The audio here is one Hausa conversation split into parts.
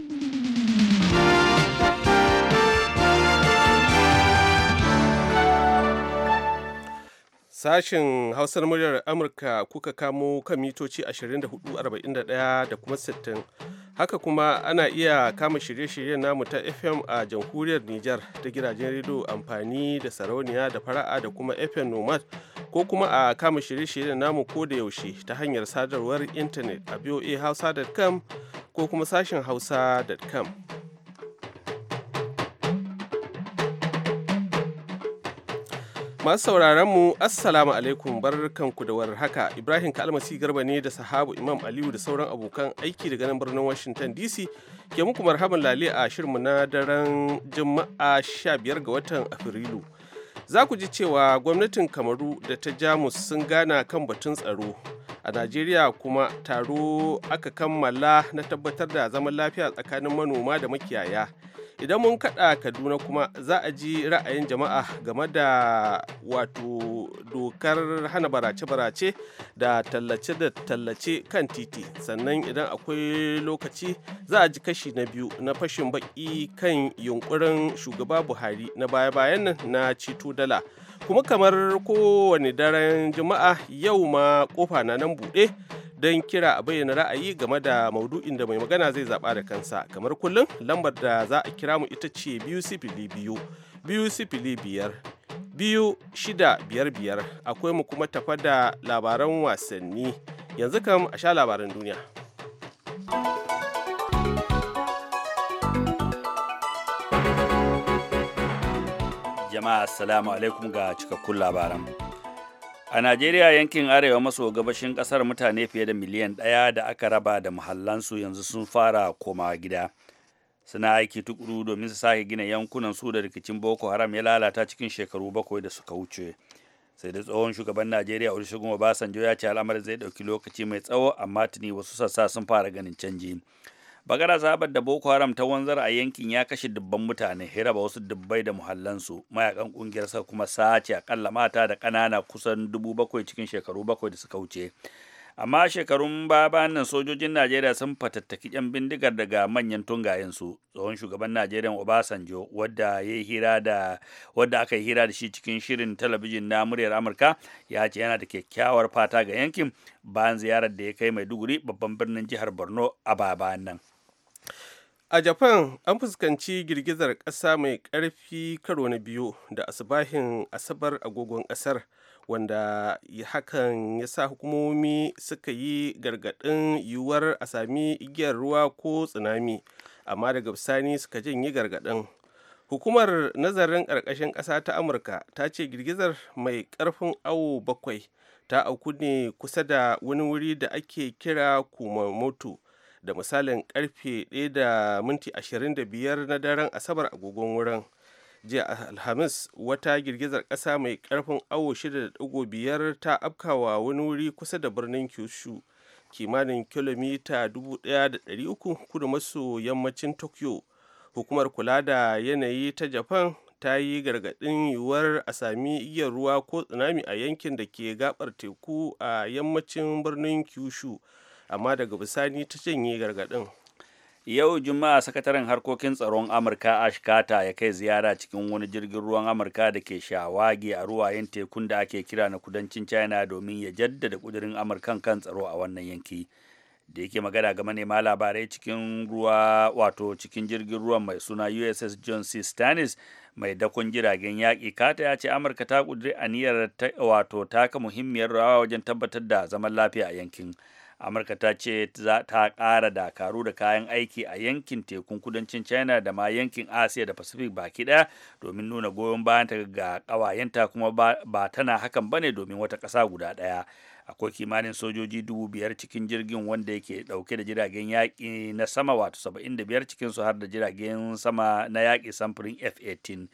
Mm-hmm. Sashen Hausar muryar Amurka kuka kamo kan mitoci 24,41 da kuma 60. Haka kuma ana iya kama shirye-shiryen namu ta FM a jamhuriyar Nijar ta gidajen rediyo amfani da sarauniya da fara'a da kuma FM Nomad ko kuma a kama shirye-shiryen namu ko da yaushe ta hanyar sadarwar intanet a boahausa.com ko kuma sashen hausa.com. Masu sauraron mu Assalamu alaikum barkanku da warhaka Ibrahim Kalmasi Garba ne da sahabu Imam Aliyu da sauran abokan aiki daga nan birnin Washington DC ke muku marhaban lale a shirinmu na daren Juma'a 15 ga watan Afrilu. Za ku ji cewa gwamnatin Kamaru da ta Jamus sun gana kan batun tsaro. A Najeriya kuma taro aka kammala na tabbatar da zaman lafiya tsakanin manoma da makiyaya. idan mun kaɗa kaduna kuma za a ji ra'ayin jama'a game da wato dokar hana barace-barace da tallace da tallace kan titi sannan idan akwai lokaci za a ji kashi na biyu na fashin baki kan yunkurin shugaba buhari na baya-bayan nan na cito dala kuma kamar kowane daren juma'a yau ma kofa na nan buɗe don kira a bayyana ra'ayi game da maudu'in da mai magana zai zaɓa da kansa kamar kullum lambar da za a kira mu ita ce biyu sifili biyu biyu sifili biyar biyu shida biyar biyar akwai mu kuma tafa da labaran wasanni yanzu kam a sha labaran duniya. jama'a assalamu alaikum ga cikakkun labaran a najeriya yankin arewa maso gabashin kasar mutane fiye da miliyan ɗaya da aka raba da muhallansu yanzu sun fara koma gida suna aiki tukuru domin su sake gina yankunan su da rikicin boko haram ya lalata cikin shekaru bakwai da suka wuce sai da tsohon shugaban najeriya olusegun obasanjo ya ce al'amarin zai ɗauki lokaci mai tsawo amma tuni wasu sassa sun fara ganin canji bagara sabar da boko haram ta wanzar a yankin ya kashe dubban mutane hiraba ba wasu dubbai da muhallansu mayakan kungiyar sa kuma sace akalla mata da kanana kusan dubu bakwai cikin shekaru bakwai da suka wuce amma shekarun babanan nan sojojin najeriya sun fatattaki yan bindigar daga manyan tungayensu tsohon shugaban najeriya obasanjo wadda ya hira da wadda aka yi hira da shi cikin shirin talabijin na muryar amurka ya ce yana da kyakkyawar fata ga yankin bayan ziyarar da ya kai maiduguri babban birnin jihar borno a baba nan a japan an fuskanci girgizar ƙasa mai ƙarfi karo na biyu da asubahin asabar agogon ƙasar wanda hakan ya sa hukumomi suka yi gargaɗin yiwuwar a sami igiyar ruwa ko tsunami amma daga bisani suka janye gargaɗin hukumar nazarin ƙarƙashin ƙasa ta amurka ta ce girgizar mai ƙarfin awo bakwai ta auku ne kusa da wani wuri da ake kira kumamoto da misalin karfe 1 da minti 25 na daren asabar agogon wurin jiya alhamis wata girgizar ƙasa mai ƙarfin awo 6.5 ta afkawa wani wuri kusa da birnin kyushu kimanin kilomita 1,300 kudu maso yammacin tokyo hukumar kula da yanayi ta japan ta yi gargaɗin yiwuwar a sami igiyar ruwa ko tsunami a yankin da ke gabar teku a yammacin birnin kyushu amma daga bisani ta janye gargadin yau juma'a sakataren harkokin tsaron amurka ash carter ya kai ziyara cikin wani jirgin ruwan amurka da ke shawagi a ruwayen tekun da ake kira na kudancin china domin ya jaddada kudirin amurkan kan tsaro a wannan yanki da yake magana ga manema labarai cikin ruwa wato cikin jirgin ruwan mai suna uss john c stannis mai dakon jiragen yaƙi kata ya ce amurka ta ƙudiri aniyar wato taka muhimmiyar rawa wajen tabbatar da zaman lafiya a yankin amurka ta ce ta ƙara dakaru da kayan aiki a yankin tekun kudancin china da ma yankin asiya da pacific baki ɗaya domin nuna goyon bayanta ga ƙawayenta kuma ba tana hakan bane domin wata ƙasa guda ɗaya akwai kimanin sojoji dubu biyar cikin jirgin wanda yake ɗauke da jiragen yaƙi na sama wato saba'in da biyar cikinsu har da jiragen sama na yaƙi samfurin f-18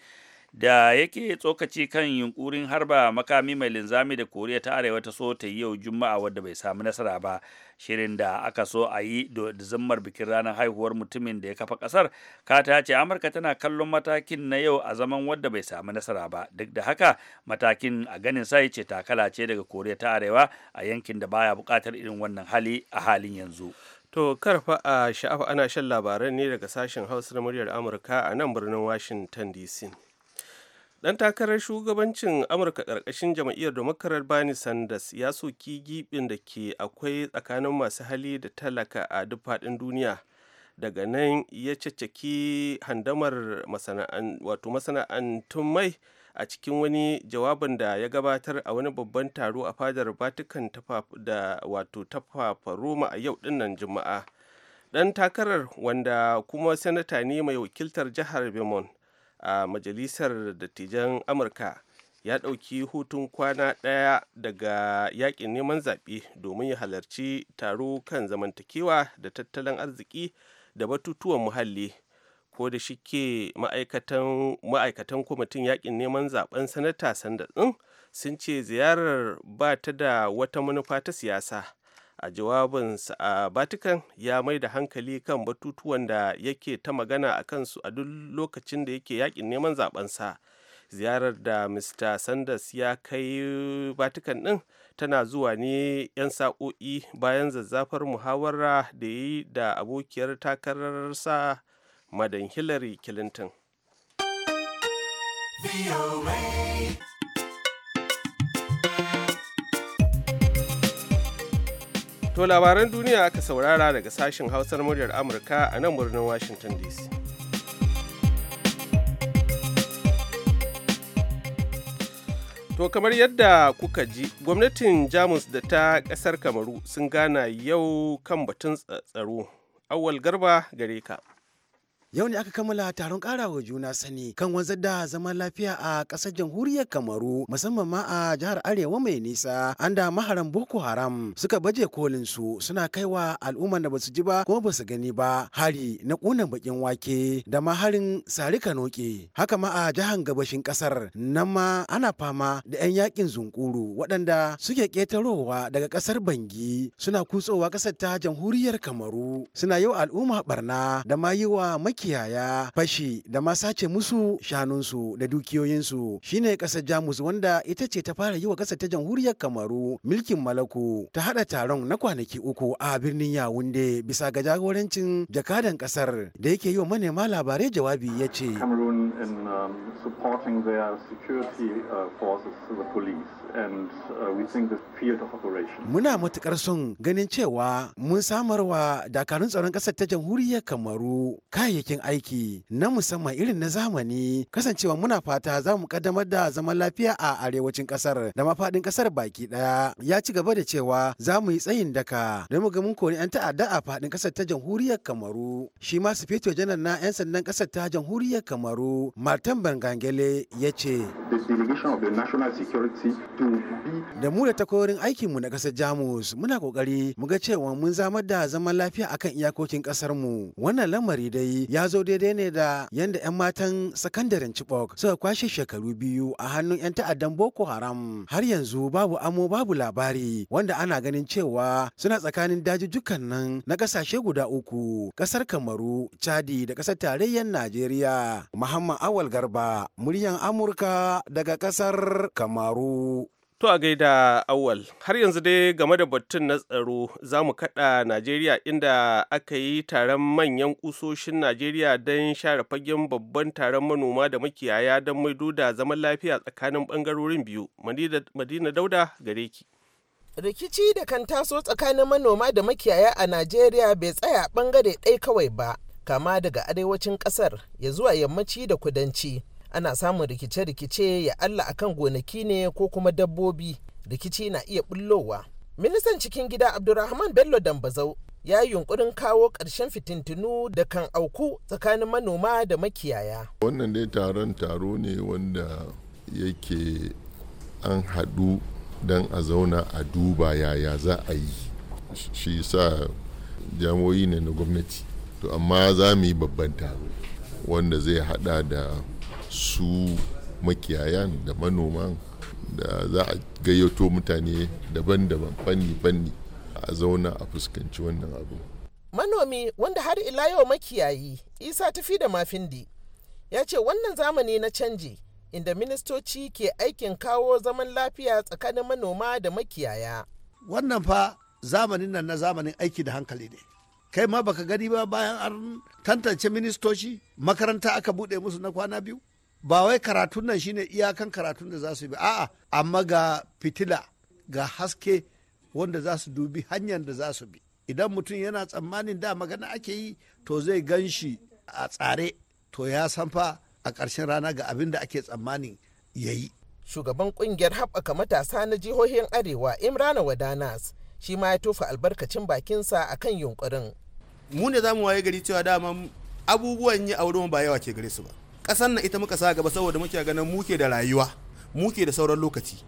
da yake tsokaci kan yunkurin harba makami mai linzami da koriya ta arewa ta so ta yi yau juma'a wadda bai samu nasara ba shirin da aka so a yi da zammar bikin ranar haihuwar mutumin da ya kafa kasar kata ce amurka tana kallon matakin na yau a zaman wadda bai samu nasara ba duk da haka matakin a ganin sai ce takala ce daga koriya ta arewa a yankin da baya bukatar irin wannan hali a halin yanzu To karfa a sha'afa ana shan labaran ne daga sashen hausa na muryar Amurka a nan birnin Washington DC. dan takarar shugabancin amurka ƙarƙashin jam'iyyar demokarar bani sanders ya soki gibin da ke akwai tsakanin masu hali da talaka a duk faɗin duniya daga nan ya caccaki handamar masana'antun mai a cikin wani jawabin da ya gabatar a wani babban taro a fadar vatican da wato tafafa roma a yau dinnan juma'a dan takarar wanda kuma sanata ne mai wakiltar jihar vermont a majalisar dattijan amurka ya ɗauki hutun kwana ɗaya daga yakin neman zaɓe domin ya halarci taro kan zamantakewa da tattalin arziki da batutuwan muhalli ko da shike ma'aikatan kwamitin yakin neman zaben sanata sanda ɗin sun ce ziyarar ba ta da wata manufa ta siyasa a jawabinsa a Vatican ya mai da hankali kan batutuwan da yake ta magana a kansu a duk lokacin da yake yakin neman zabensa ziyarar da mr sanders ya kai vatican din tana zuwa ne 'yan sa'o'i bayan zazzafar muhawara da yi da abokiyar takararsa madan hillary clinton To labaran duniya aka saurara daga sashen hausar muryar Amurka a nan birnin Washington DC. To kamar yadda kuka ji, gwamnatin Jamus da ta ƙasar Kamaru sun gana yau kan batun tsaro. Awal garba gare ka. Yau ne aka kammala taron karawa juna sani kan wanzar da zaman lafiya a ƙasar jamhuriyar Kamaru musamman ma a jihar Arewa mai nisa an da maharan Boko Haram suka baje kolin su suna kaiwa al'ummar da basu ji ba kuma basu gani ba hari na ƙunan bakin wake da ma harin sari kanoke haka ma a jihar gabashin ƙasar nan ma ana fama da 'yan yakin zunkuru waɗanda suke ƙetarowa daga ƙasar Bangi suna kutsowa ƙasar ta jamhuriyar Kamaru suna yau al'umma barna da ma yi wa makiyaya fashi da ma sace musu shanunsu da dukiyoyinsu shine kasar jamus wanda ita ce ta fara yi wa kasar ta jamhuriyar kamaru milkin malaku ta hada taron na kwanaki uku a birnin yawunde bisa ga jagorancin jakadan kasar da yake yi wa manema labarai jawabi ya ce Cameroon in um, supporting their uh, Uh, muna matuƙar son ganin cewa mun samarwa dakarun tsaron ƙasar ta jamhuriyar Kamaru kayayyakin aiki na musamman irin na zamani kasancewa muna fata za mu kaddamar da zaman lafiya a arewacin ƙasar da mafaɗin ƙasar baki ɗaya. Ya ci gaba da cewa za mu yi tsayin daka don mu ga mun kori 'yan ta'adda a faɗin ƙasar ta jamhuriyar Kamaru. Shi ma fito Janar na 'yan sandan ƙasar ta jamhuriyar Kamaru Martin Bangangele ya ce. National Security da mu da takwarorin aikinmu na ƙasar jamus muna ƙoƙari mu ga cewa mun zamar da zaman lafiya akan iyakokin ƙasar mu wannan lamari dai ya zo daidai ne da yanda 'yan matan sakandaren chibok suka kwashe shekaru biyu a hannun 'yan ta'addan boko haram har yanzu babu amo babu labari wanda ana ganin cewa suna tsakanin dajujjukan nan na ƙasashe guda uku ƙasar kamaru chadi da ƙasar tarayyar najeriya muhammad awal garba muryan amurka daga ƙasar kamaru To a gaida awal har yanzu dai game da batun na tsaro za mu kaɗa Najeriya inda aka yi taron manyan ƙusoshin Najeriya don share fagen babban taron manoma da makiyaya don maido da zaman lafiya tsakanin ɓangarorin biyu. Madina Dauda gare ki. Rikici da kan taso tsakanin manoma da makiyaya a Najeriya bai tsaya bangare ɗaya kawai ba, kama daga arewacin ƙasar ya zuwa yammaci da kudanci. ana samun rikice-rikice ya Allah akan gonaki ne ko kuma dabbobi rikici na iya bullowa. Ministan cikin gida Abdulrahman Bello Dambazau ya yi yunkurin kawo ƙarshen fitintunu da kan auku tsakanin manoma da makiyaya. Wannan dai taron taro ne wanda yake an haɗu don a zauna a duba yaya za a yi shi sa jamoyi ne na gwamnati to amma za mu yi babban taro wanda zai haɗa da su makiyayan da manoman da za a gayyato mutane daban-daban fanni-fanni a zauna a fuskanci wannan abu. Manomi wanda har ila yau makiyayi Isa tafi da mafindi ya ce wannan zamani na canji inda ministoci ke aikin kawo zaman lafiya tsakanin manoma da makiyaya. Wannan fa zamanin nan na zamanin aiki da hankali ne. Kai ma baka gani ba bayan an tantance ministoci makaranta aka buɗe musu na kwana biyu ba wai karatun nan shine iyakan karatun da za su bi a'a amma ga fitila ga haske wanda za su dubi hanyar da za su bi idan mutum yana tsammanin da magana ake yi to zai gan shi a tsare to ya san fa a ƙarshen rana ga abin da ake tsammanin ya yi shugaban kungiyar haɓaka matasa na jihohin arewa imrana wadanas shi ma ya tofa albarkacin bakinsa a kan yunkurin mu ne za mu waye gari cewa dama abubuwan yi a wurin ba yawa ke gare su ba ƙasar na ita muka sa gaba saboda muke ganin muke da rayuwa muke da sauran lokaci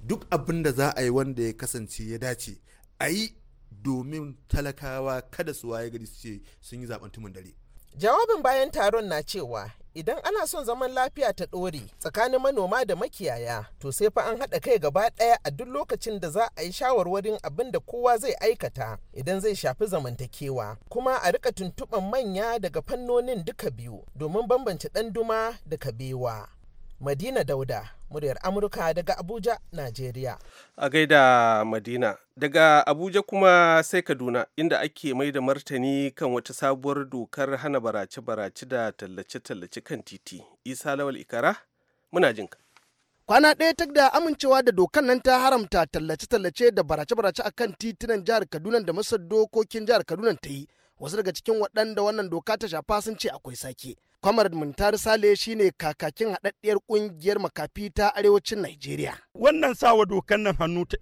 duk abin da za a yi wanda ya kasance ya dace a yi domin talakawa kada su waye gari su ce sun yi zaben tumin dare Jawabin bayan taron na cewa idan ana son zaman lafiya ta ɗore tsakanin manoma da makiyaya to sai fa an haɗa kai gaba ɗaya a duk lokacin da za a yi shawarwarin abin da kowa zai aikata idan zai shafi zamantakewa kuma a rika tuntuɓan manya daga fannonin duka biyu domin bambance ɗanduma da kabewa madina dauda muryar amurka daga abuja najeriya a gaida madina daga abuja kuma sai kaduna inda ake mai da martani kan wata sabuwar dokar hana barace-barace da tallace-tallace kan titi isa lawal ikara muna jinka kwana ɗaya ta da amincewa da dokan nan ta haramta tallace-tallace da barace-barace a kan titunan jihar kaduna da masa dokokin jihar kaduna ta yi wasu daga cikin waɗanda wannan doka ta shafa sun ce akwai sake Kwamar Muntar Sale ne kakakin haɗaɗɗiyar ƙungiyar makafi ta arewacin Najeriya. Wannan sawa dokan nan hannu ta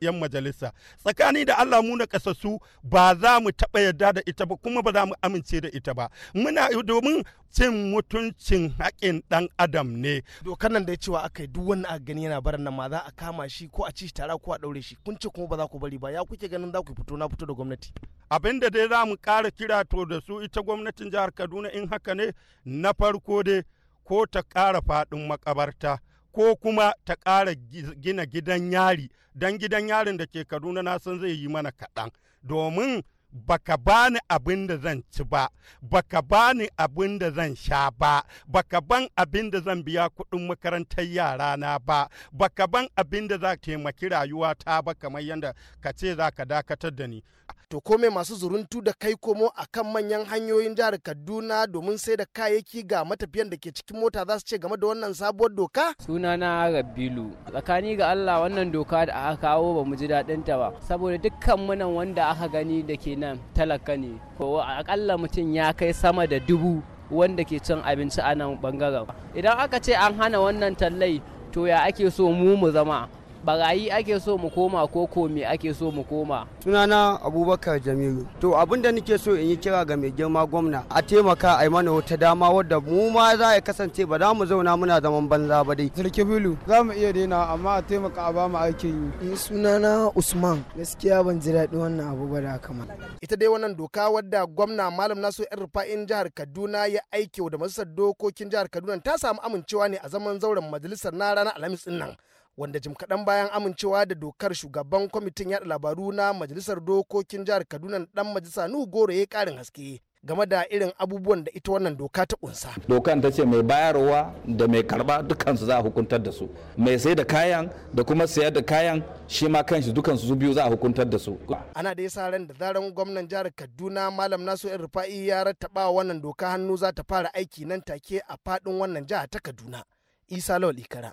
'yan majalisa tsakani da Allah mu na kasassu ba za mu taɓa yarda da ita ba kuma ba za mu amince da ita ba. Muna domin cin mutuncin haƙin ɗan adam ne dokar nan da ya cewa aka yi duk wani a gani yana barin nan ma za a kama shi ko a ci shi tara ko a ɗaure shi kun ce kuma ba za ku bari ba ya kuke ganin za ku fito na fito da gwamnati abin da dai za mu ƙara kira to da su ita gwamnatin jihar kaduna in haka ne na farko dai ko ta ƙara faɗin makabarta ko kuma ta ƙara gina gidan yari don gidan yarin da ke kaduna na san zai yi mana kaɗan domin baka bani abin da zan ci ba baka bani abin da zan sha ba baka ban abin da zan biya kuɗin makarantar yara na ba baka ban abin da za ka taimaki ta ba kamar yadda ka ce za ka dakatar da ni to kome masu zuruntu da kai komo a kan manyan hanyoyin jihar kaduna domin sai da kayayyaki ga matafiyan da ke cikin mota za su ce game da wannan sabuwar doka Suna na rabilu tsakani ga allah wannan doka da aka kawo ba mu ji daɗin ta ba saboda dukkan munan wanda aka gani da ke nan talaka ne ko akalla mutum ya kai sama da dubu wanda ke cin abinci a nan bangaren idan aka ce an hana wannan tallai to ya ake so mu mu zama barayi ake so mu koma ko komi ake so mu koma sunana abubakar jamilu to abin da nake so in yi kira ga mai girma gwamna a taimaka a yi mana wata dama wadda mu ma za ya kasance ba za mu zauna muna zaman banza ba dai sarki bulu za mu iya daina amma a taimaka a ba mu aikin yi eh, sunana usman gaskiya ban ji daɗi wannan abu ba da kama ita dai wannan doka wadda gwamna malam nasu yan rufa'in jihar kaduna ya aike da masu dokokin jihar kaduna ta samu amincewa ne a zaman zauren majalisar na ranar alhamis din nan wanda jim kaɗan bayan amincewa da dokar shugaban kwamitin yaɗa labaru na majalisar dokokin jihar kaduna dan majalisa nuhu goro ya ƙarin haske game da irin abubuwan da ita wannan doka ta kunsa. Dokan ta ce mai bayarwa da mai karba dukansu za a hukuntar da su. Mai sai da kayan da kuma sayar da kayan shi ma kanshi dukansu su biyu za a hukuntar da su. Ana da yasa ran da zaran gwamnan jihar Kaduna Malam Nasu yan Rufa'i ya rattaba wannan doka hannu za ta fara aiki nan take a faɗin wannan jiha ta Kaduna. Isa Lawal Ikara,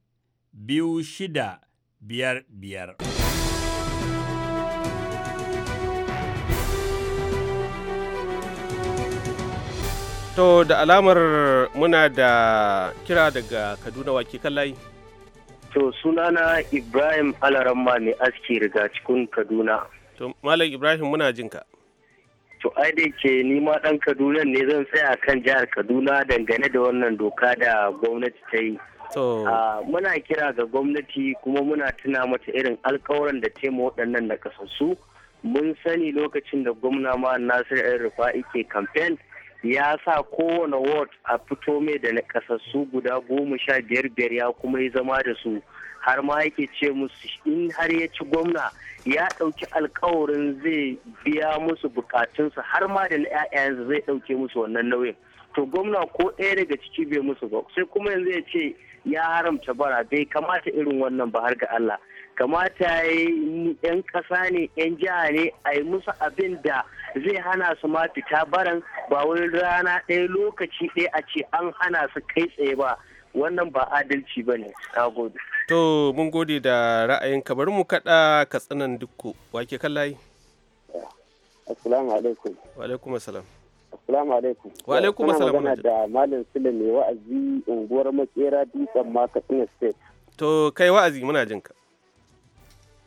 biyu shida biyar biyar. To da alamar muna da kira daga Kaduna wake kallai. To sunana Ibrahim Alaramma ne aski riga cikin Kaduna. To Malam Ibrahim muna jinka. To ai da ke nima ɗan Kaduna ne zan tsaya kan jihar Kaduna dangane da wannan doka da gwamnati ta yi. Ah, muna kira ga gwamnati kuma muna tuna mata irin alkawaran da taimu waɗannan na kasassu mun sani lokacin da gwamna ma nasir yan rufa'i ke kamfen ya sa kowane ward a fito mai da na kasassu guda goma sha biyar biyar ya kuma yi zama da su har ma yake ce musu in har ya ci gwamna ya ɗauki alkawarin zai biya musu bukatunsu har ma da na zai ɗauke musu wannan nauyin to gwamna ko ɗaya daga ciki bai musu ba sai kuma yanzu ya ce ya haramta bara bai kamata irin wannan ba har ga Allah kamata yan ƙasa ne yan jiha ne a yi musu abin da zai hana su ma fita baran ba wani rana ɗaya lokaci ɗaya a ce an hana su kai tsaye ba wannan ba adalci ba ne gode. to mun gode da ra'ayin kamar mu kaɗa ka katsinan dukku wake kan layi assalamu alaikum wa alaikum assalam Salamu alaikum. Wa alaikum assalam. magana da Malam Sule ne wa'azi unguwar Makera Dutsen ma Katsina State. To kai wa'azi muna jin ka.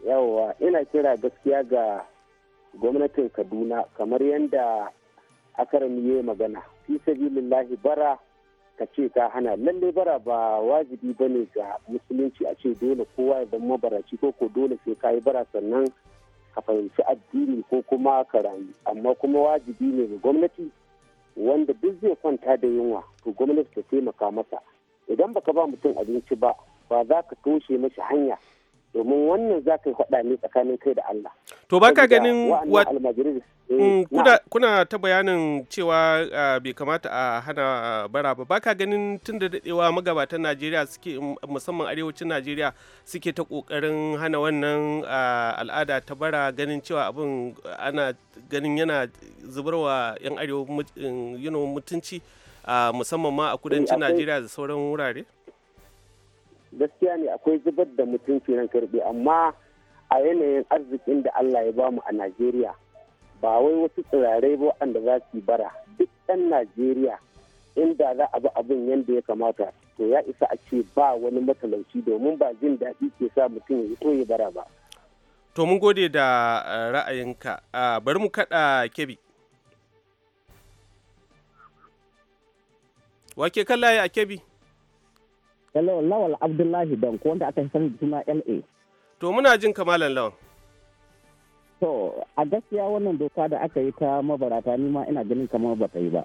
Yawwa ina kira gaskiya ga gwamnatin Kaduna kamar yadda akarami ya magana. Fi sabilillahi bara ka ce ka hana lallai bara ba wajibi ba ne ga musulunci a ce dole kowa ya zama baraci ko ko dole sai ka yi bara sannan ka fahimci addini ko kuma ka rayu amma kuma wajibi ne ga gwamnati wanda duk zai kwanta da yunwa to gwamnati ta taimaka masa idan baka ba mutum abinci ba ba za ka toshe mashi hanya domin wannan za ka yi faɗa ne tsakanin kai da Allah. To ba ka ganin mm, eh, kuna ta bayanin cewa ah, bai kamata a hana ah, bara ba ba ka ganin tun da daɗewa magabatan Najeriya suke musamman arewacin Najeriya suke ta ƙoƙarin hana wannan ah, al'ada ta bara ganin cewa abin ana ganin yana zubarwa 'yan arewa mm, mutunci musamman ma a kudancin eh, Najeriya da sauran wurare? gaskiya ne akwai zubar da mutunci nan karbe amma a yanayin arzikin da Allah ya bamu a Najeriya ba wai wasu tsirarai ba waɗanda za su bara duk ɗan Najeriya inda za a bi abin yadda ya kamata to ya isa a ce ba wani matalauci domin ba jin daɗi ke sa mutum ya so ya bara ba. To mun gode da eh, ra'ayinka ah, bari mu kaɗa kebi. Wake kan a kebi? Lawal Abdullahi Danko wanda aka sani da suna LA. To muna jin kamalan lawan. To a gaskiya wannan doka da aka yi ta mabarata ni ma ina ganin kamar ba ta yi ba.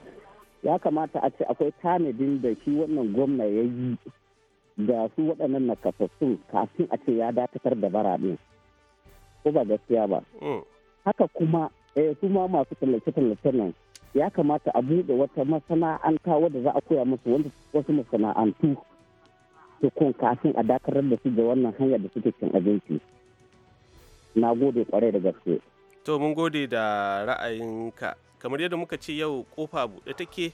Ya kamata a ce akwai tanadin da shi wannan gwamna ya yi da su waɗannan nakasassun kafin a ce ya dakatar da bara ɗin. Ko ba gaskiya ba. Mm. Haka kuma eh, su ma masu tallace-tallace nan ya kamata a buɗe wata masana'anta wadda za a koya musu wasu masana'antu hukun kafin a dakarar da su ga wannan hanya da suke cin abinci na gode kwarai da gaske to mun gode da ra'ayinka kamar yadda muka ce yau kofa buɗe take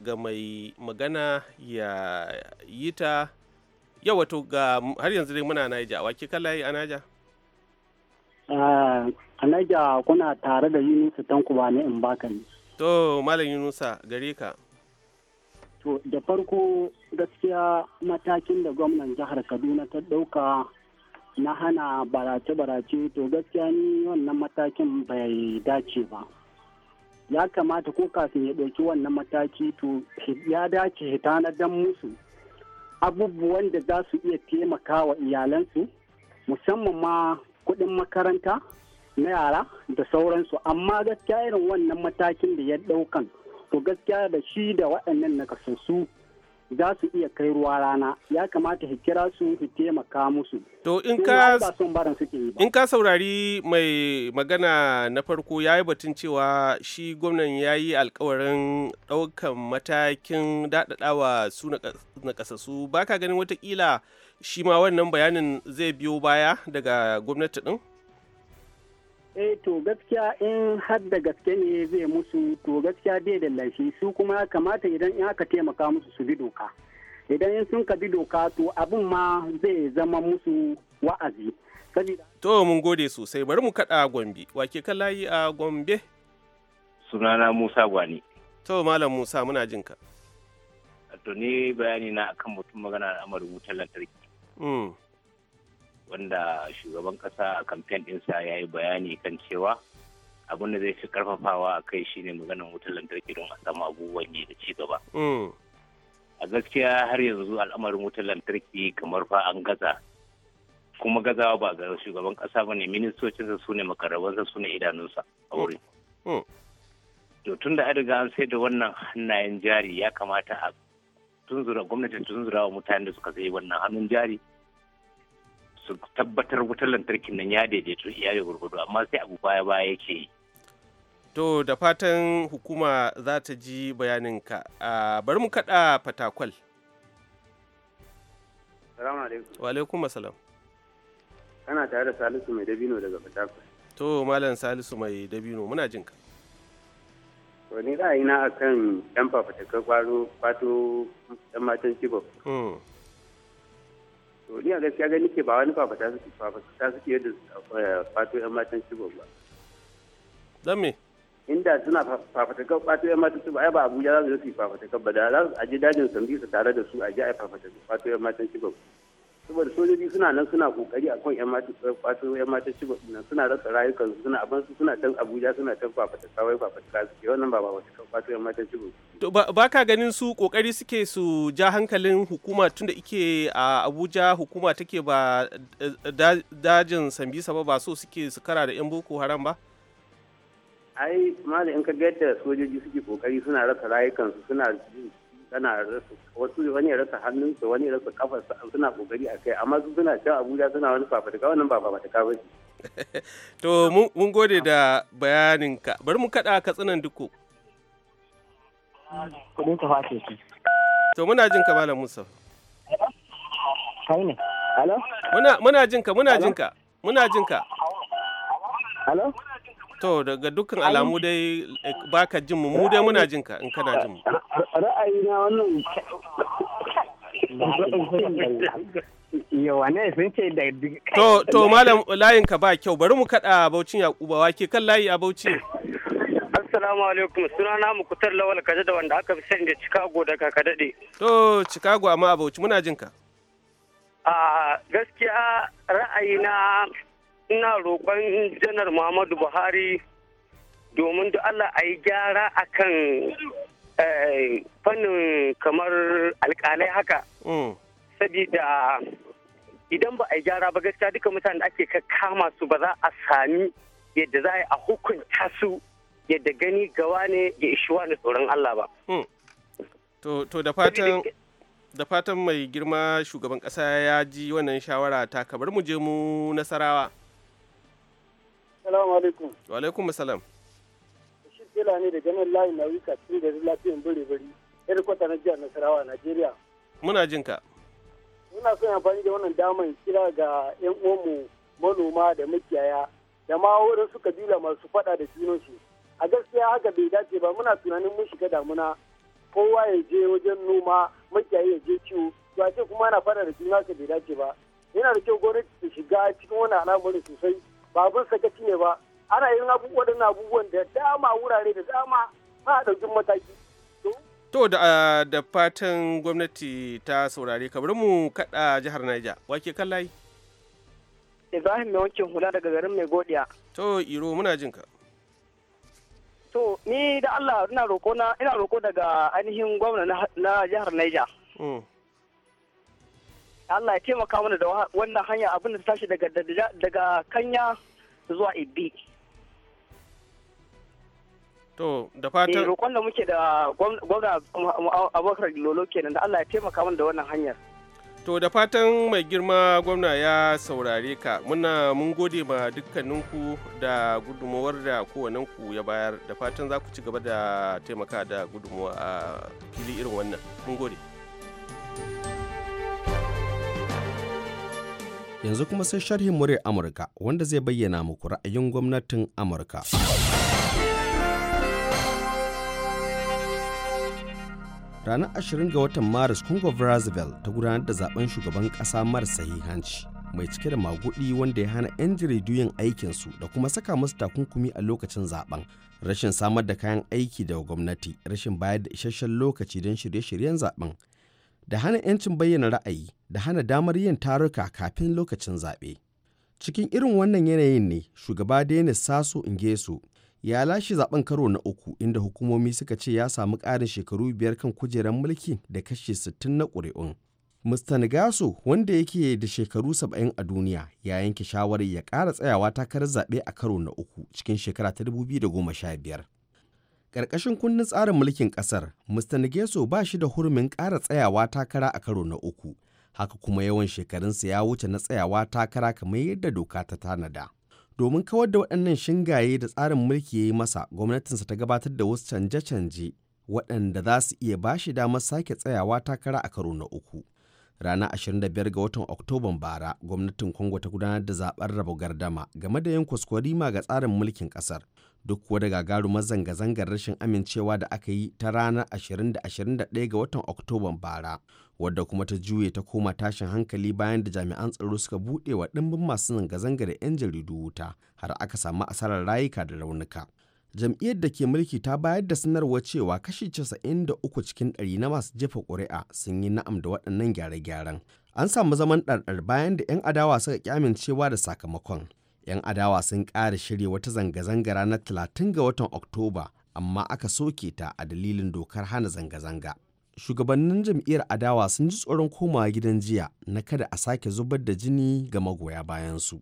ga mai magana ya yi ta yau wato ga har yanzu dai muna naija wake kalayi a naija a naija kuna tare da yunusa tankuba ne in baka ne to malam yunusa gare ka To da farko gaskiya matakin da gwamnan jihar Kaduna ta ɗauka na hana barace-barace to gaskiya ni wannan matakin bai dace ba. Ya kamata ko kafin ya ɗauki wannan mataki to ya dace dan musu abubuwan da za su iya taimaka wa iyalansu musamman ma kuɗin makaranta na yara da sauransu amma gaskiya irin wannan matakin da ya ɗaukan. to gaskiya da shi da waɗannan nakasassu za su iya kai ruwa rana ya kamata ya kira su taimaka musu to in ka saurari mai magana na farko ya yi batun cewa shi gwamnan ya yi alkawarin ɗaukan matakin daɗaɗawa su na ƙasasu ba ka ganin watakila shi ma wannan bayanin zai biyo baya daga gwamnati ɗin? eh to gaskiya in har da gaske ne zai musu to gaskiya bai da laifi su kuma kamata idan in aka taimaka musu su bi doka idan in sun ka bi doka to abin ma zai zama musu wa'azi to mun gode sosai bari mu kada gombe wake kan layi a gombe sunana musa gwani to malam musa muna jin ka to ni bayani na akan mutum magana al'amarin wutar lantarki hmm. wanda shugaban kasa a kamfen ɗinsa ya yi bayani kan cewa abin da zai fi karfafawa a kai shine maganin wutar lantarki don a samu abubuwan yi da cigaba. Mm. A gaskiya har yanzu al'amarin wutar lantarki kamar fa an gaza kuma gazawa ba ga shugaban kasa ba ne ministocinsa su ne makarabansa su ne idanunsa a wurin. Mm. Mm. To tun da an an sai da wannan hannayen jari ya kamata a tunzura gwamnati tunzura wa mutane da suka sayi wannan hannun jari. su tabbatar wutar lantarkin nan ya daidaitu iyalin gurgudu amma sai abu baya baya yake yi to da fatan hukuma za ta ji bayaninka bari mu kada fatakwal salamu alaikum wa alaikum salam. kana tare da salisu mai dabino daga fatakwal to malam salisu mai dabino muna jin ka wani ra'ayi na akan yan fafatakar kwaro fato yan matan Kibo? to ni a gaskiya gani ke ba wani fafata suke fafata suke yadda fato eh, yan matan cibon ba dan me inda suna fafata kan fato yan matan cibon ai ba abuja za su yi fafata kan ba da za su aje dajin sambisa tare da su aje ai fafata fato yan matan ba saboda sojoji suna nan suna kokari a kan 'yan mata cibok nan suna rasa rayukansu suna su suna can abuja suna can fafataka wai fafataka suke wannan ba ba wata kwato 'yan mata cibok. to ba ka ganin su kokari suke su ja hankalin hukuma tunda ike a abuja hukuma take ba dajin sambisa ba ba so suke su kara da 'yan boko haram ba. ai malam in ka ga yadda sojoji suke kokari suna rasa rayukansu suna tana rasa wasu wani ya rasa hannunsa wani ya rasa kafarsa suna kokari a kai amma su suna can abuja suna wani fafataka wannan ba fafataka ba to mun gode da bayaninka bari mu kada katsinan duku kudin ka fashe shi. to muna jin ka malam musa alo muna jin ka muna jin ka muna jin ka alo to daga dukkan alamu dai eh, baka jin mu mu dai muna jin ka in kana jin mu ra'ayi na, wannan yawa ne sun ce da to to malam layin ka ba kyau bari mu kada baucin yakuba wake kan layi a bauchi assalamu alaikum sunana kutar lawal kaje da wanda aka fi sani da chicago da Kadade to chicago amma a bauchi muna jinka a gaskiya ra'ayi na, ina roƙon janar muhammadu buhari domin da allah a yi gyara akan Eh, fannin kamar alkalai haka mm. sabida idan ba a yi gyara ba gaskiya duka mutane da ake kama su ba za a sami yadda za a yi a hukunta su yadda gani gawa ne ya ishi wani tsoron Allah ba. Mm. To, da fatan mai girma shugaban kasa ya ji wannan shawara ta kabar mu je mu nasarawa. Salamu alaikum. Wa alaikum salam. mutane da ganin nan layin nauyuka cikin da lafiyan bari bari yar kwata na jihar nasarawa najeriya muna jin ka muna son amfani da wannan damar kira ga yan uwanmu manoma da makiyaya da ma waɗansu kabila masu faɗa da junansu a gaskiya haka bai dace ba muna tunanin mun shiga damuna kowa ya je wajen noma makiyayi ya je ciwo to a ce kuma ana fada da juna haka bai dace ba yana da kyau gwamnati ta shiga cikin wani al'amari sosai ba abin sakaci ne ba ana yin waɗannan abubuwan da dama wurare da dama ba a ɗaukin mataki to da da fatan gwamnati ta saurare kamar mu kaɗa jihar Niger wake kallai. Ibrahim mai wankin hula daga garin mai godiya to iro muna jin ka to ni da Allah ina roko na ina roko daga ainihin gwamna na jihar Niger hmm. Allah ya taimaka mana da wannan hanya abin da ta tashi daga daga Kanya zuwa Ibbi To da eh, fatan. Roƙon da muke da gwamna abokar Lolo kenan da Allah ya taimaka mana da wannan hanyar. To da fatan mai girma gwamna ya saurare ka muna mun gode ma dukkaninku da gudunmuwar da kowaninku ya bayar da fatan za ku ci gaba da taimaka da gudunmuwa a fili irin wannan mun gode. Yanzu kuma sai sharhin murar Amurka wanda zai bayyana muku ra'ayin gwamnatin Amurka. ranar ashirin ga watan maris congo brazzaville ta gudanar da zaben shugaban kasa mara sahihanci mai cike da magudi wanda ya hana 'yan jaridu yin aikinsu da kuma saka musu takunkumi a lokacin zaben rashin samar da kayan aiki daga gwamnati rashin bayar da isasshen lokaci don shirye-shiryen zaben da hana 'yancin bayyana ra'ayi da hana damar yin taruka kafin lokacin zaɓe cikin irin wannan yanayin ne shugaba denis Sasu ingeso ya lashe zaben karo na uku inda hukumomi suka ce ya samu ƙarin shekaru biyar kan kujeran mulki da kashe 60 na ƙuri'un. Mr. Nagaso wanda yake da shekaru 70 a duniya ya yanke shawarar ya ƙara tsayawa takarar zaɓe a karo na uku cikin shekara ta 2015. Ƙarƙashin kundin tsarin mulkin ƙasar, Mr. Nagaso ba shi da hurumin ƙara tsayawa takara a karo na uku, haka kuma yawan shekarunsa ya wuce na tsayawa takara kamar yadda doka ta tanada. domin kawar da waɗannan shingaye da tsarin mulki ya yi masa gwamnatinsa ta gabatar da wasu canje-canje waɗanda za su iya ba shi damar sake tsayawa takara a karo na uku ranar 25 ga watan oktoban bara gwamnatin Kongo ta gudanar da zaben raba gardama game da yin kwaskwarima ga tsarin mulkin kasar duk kuwa da gagarumar zanga-zangar rashin amincewa da aka yi ta ranar 20 da 21 ga watan oktoban bara wadda kuma ta juye ta koma tashin hankali bayan da jami'an tsaro suka buɗe wa ɗimbin masu zanga-zangar 'yan jaridu wuta har aka samu asarar rayuka da raunuka jam'iyyar da ke mulki ta bayar da sanarwa cewa kashi 93 cikin 100 na masu jefa ƙuri'a sun yi na'am da waɗannan gyare-gyaren. An samu zaman ɗarɗar bayan da 'yan adawa suka kyamincewa da sakamakon. 'Yan adawa sun ƙara shirya wata zanga-zanga ranar 30 ga watan Oktoba, amma aka soke ta a dalilin dokar hana zanga-zanga. Shugabannin jam'iyyar adawa sun ji tsoron komawa gidan jiya na kada a sake zubar da jini ga magoya bayansu.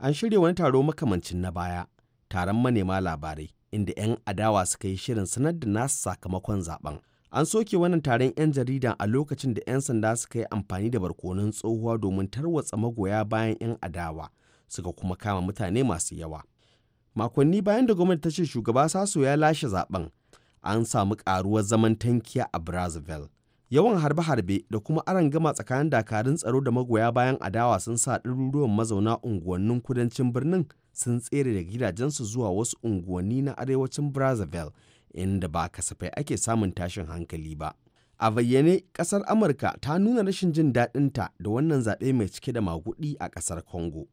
An shirya wani taro makamancin na baya taron manema labarai inda 'yan adawa suka yi shirin sanar da nasu sakamakon zaben. An soke wannan taron 'yan jarida a lokacin da 'yan sanda suka yi amfani da barkonon tsohuwa domin tarwatsa magoya bayan 'yan adawa suka kuma kama mutane masu yawa. Makonni bayan da gwamnati ta ce shugaba Saso ya lashe zaben, an samu karuwar zaman tankiya a Brazzaville. Yawan harbe-harbe da kuma gama tsakanin dakarun tsaro da magoya bayan adawa sun sa ɗaruruwan mazauna unguwannin kudancin birnin sun tsere daga gidajensu zuwa wasu unguwanni na arewacin brazzaville inda ba kasafai ake samun tashin hankali ba a bayyane kasar amurka ta nuna rashin jin daɗinta da wannan zaɓe mai cike da maguɗi a kasar congo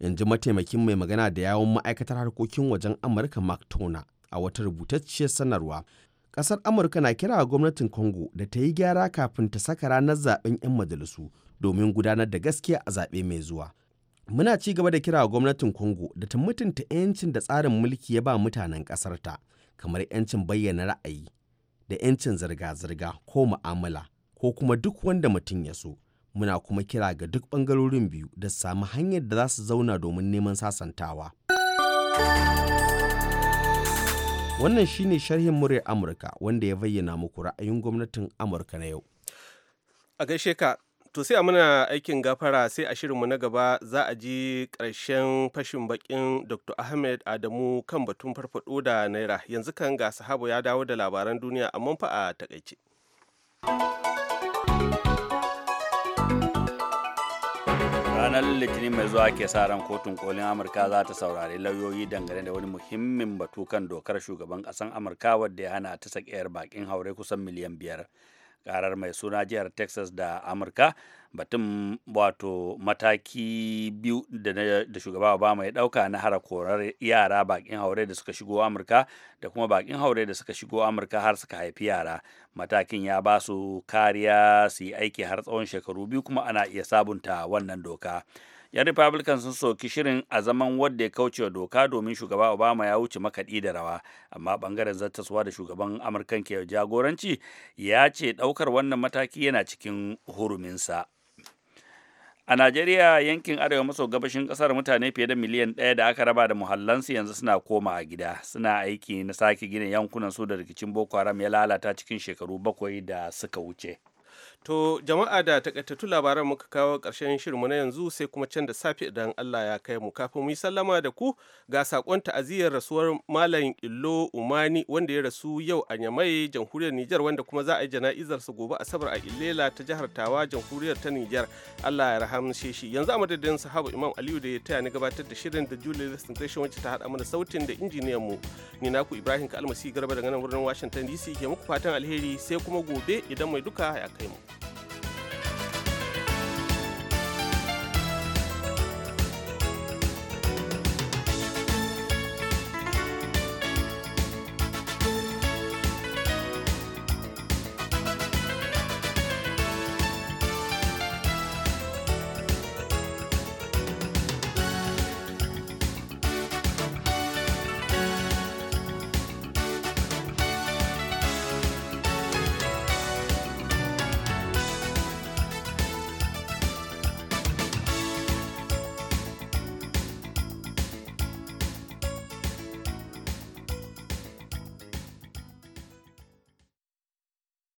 in ji mataimakin mai magana da yawon ma'aikatar harkokin wajen amurka mark tona a wata rubutacciyar sanarwa kasar amurka na kira gwamnatin congo da ta yi gyara kafin ta saka ranar zaɓen 'yan majalisu domin gudanar da gaskiya a zaɓe mai zuwa Muna ci gaba da kira gwamnatin Congo da ta mutunta 'yancin da tsarin mulki ya ba mutanen ƙasarta, kamar 'yancin bayyana ra'ayi da 'yancin zirga-zirga ko mu'amala ko kuma duk wanda mutum ya so. Muna kuma kira ga duk ɓangarorin biyu da samu hanyar da za su zauna domin neman sasantawa. Wannan shine sharhin muryar Amurka wanda ya bayyana muku ra'ayin gwamnatin Amurka na yau. A gaishe ka to sai a muna aikin gafara sai a shirinmu na gaba za a ji ƙarshen fashin bakin dr ahmed adamu kan batun farfado da naira yanzu kan ga sahabu ya dawo da labaran duniya amma fa a takaice ranar litinin mai zuwa ke sa ran kotun kolin amurka za ta saurari lauyoyi dangane da wani muhimmin batu kan dokar shugaban kasan amurka wadda ya hana ta sakayar bakin haure kusan miliyan biyar karar mai suna jihar texas da amurka batun wato mataki biyu da shugaba obama ya dauka na hara korar yara bakin haure da suka shigo amurka da kuma bakin haure da suka shigo amurka har suka haifi yara matakin ya ba su kariya su yi aiki har tsawon shekaru biyu kuma ana iya sabunta wannan doka 'yan republican sun soki shirin a zaman wadda ya kauce wa doka domin shugaba obama ya wuce makaɗi da rawa amma bangaren zartaswa da shugaban amurkan ke jagoranci ya ce ɗaukar wannan mataki yana cikin huruminsa a najeriya yankin arewa maso gabashin kasar mutane fiye da miliyan ɗaya da aka raba da muhallansu yanzu suna koma a gida suna aiki na sake gina yankunan su da rikicin boko haram ya lalata cikin shekaru bakwai da suka wuce To jama'a da takaitattu labaran muka kawo ƙarshen shirinmu na yanzu sai kuma can da safe idan Allah ya kai mu kafin mu yi sallama da ku ga sakon ta'aziyar rasuwar Malam Illo Umani wanda ya rasu yau a Nyamai jamhuriyar Nijar wanda kuma za a yi jana'izar jana'izarsa gobe Asabar a Ilela ta jihar Tawa jamhuriyar ta Nijar. Allah ya rahamshe shi. Yanzu a madadin sahaba Imam Aliyu da ya taya ni gabatar da shirin da Julie Liston wacce ta hada mana sautin da injiniyan mu. Ni naku Ibrahim Kalmasi Garba daga nan wurin Washington DC ke muku fatan alheri sai kuma gobe idan mai duka ya kai mu.